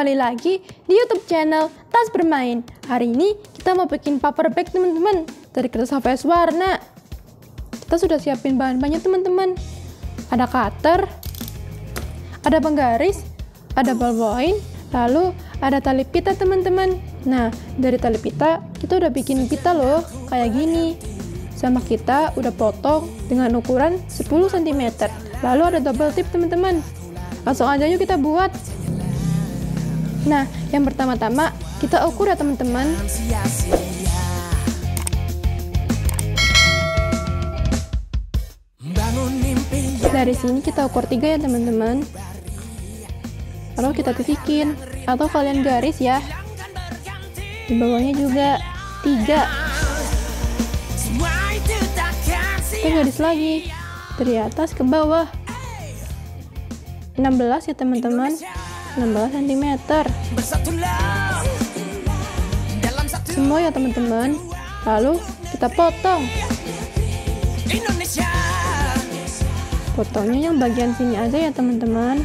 kembali lagi di YouTube channel Tas Bermain. Hari ini kita mau bikin paper bag teman-teman dari kertas HVS warna. Kita sudah siapin bahan-bahannya teman-teman. Ada cutter, ada penggaris, ada ballpoint lalu ada tali pita teman-teman. Nah, dari tali pita kita udah bikin pita loh, kayak gini. Sama kita udah potong dengan ukuran 10 cm. Lalu ada double tip teman-teman. Langsung aja yuk kita buat. Nah, yang pertama-tama kita ukur ya teman-teman. Dari sini kita ukur tiga ya teman-teman. Lalu kita titikin atau kalian garis ya. Di bawahnya juga tiga. Kita garis lagi dari atas ke bawah. 16 ya teman-teman. 16 cm semua ya teman-teman lalu kita potong potongnya yang bagian sini aja ya teman-teman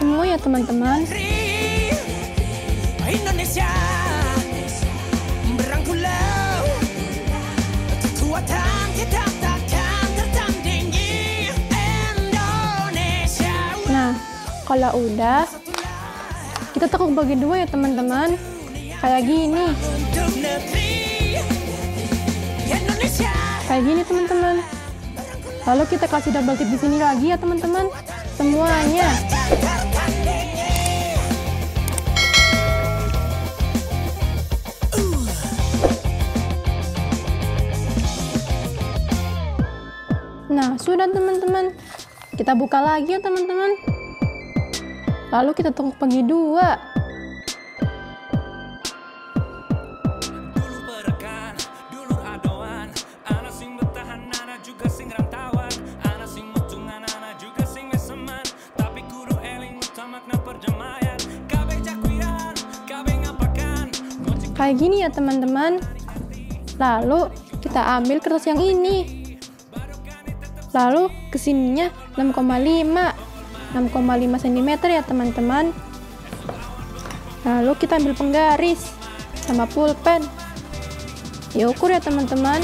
semua ya teman-teman. Indonesia Nah, kalau udah kita tekuk bagi dua ya teman-teman. Kayak gini. Kayak gini teman-teman. Lalu kita kasih double tip di sini lagi ya teman-teman. Semua teman-teman, kita buka lagi ya teman-teman. Lalu kita tunggu pagi dua. Kayak gini ya teman-teman. Lalu kita ambil kertas yang ini lalu kesininya 6,5 6,5 cm ya teman-teman lalu kita ambil penggaris sama pulpen ya ukur ya teman-teman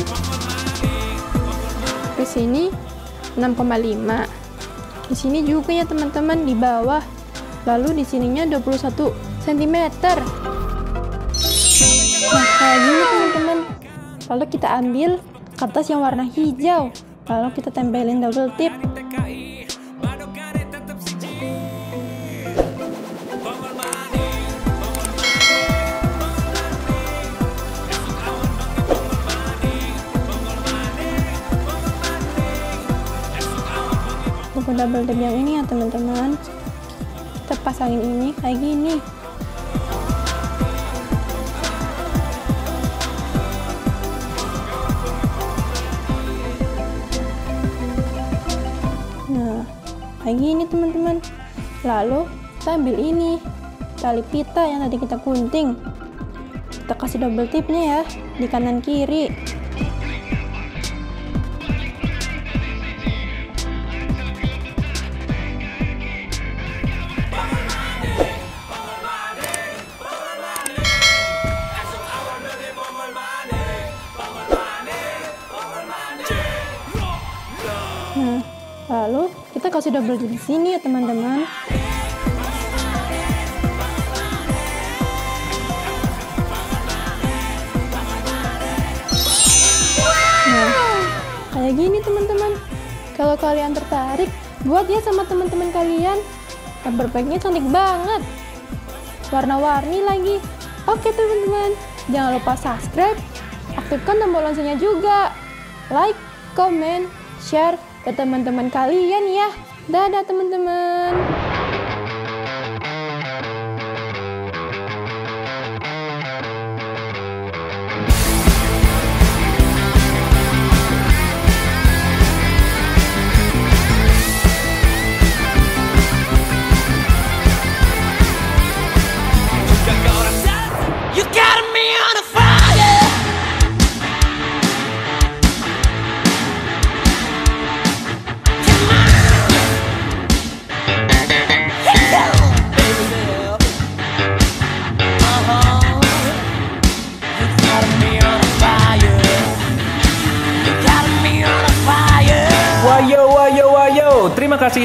ke sini 6,5 di sini juga ya teman-teman di bawah lalu di sininya 21 cm nah kayak gini teman-teman lalu kita ambil kertas yang warna hijau kalau kita tempelin double tip double tip yang ini ya teman-teman kita pasangin ini kayak gini lagi ini teman-teman lalu kita ambil ini tali pita yang tadi kita gunting kita kasih double tipnya ya di kanan kiri Kakak sudah belajar di sini ya teman-teman. Nah, kayak gini teman-teman. Kalau kalian tertarik, buat ya sama teman-teman kalian. Paper bagnya cantik banget. Warna-warni lagi. Oke teman-teman, jangan lupa subscribe, aktifkan tombol loncengnya juga. Like, comment, share ke teman-teman kalian ya. Dadah teman-teman.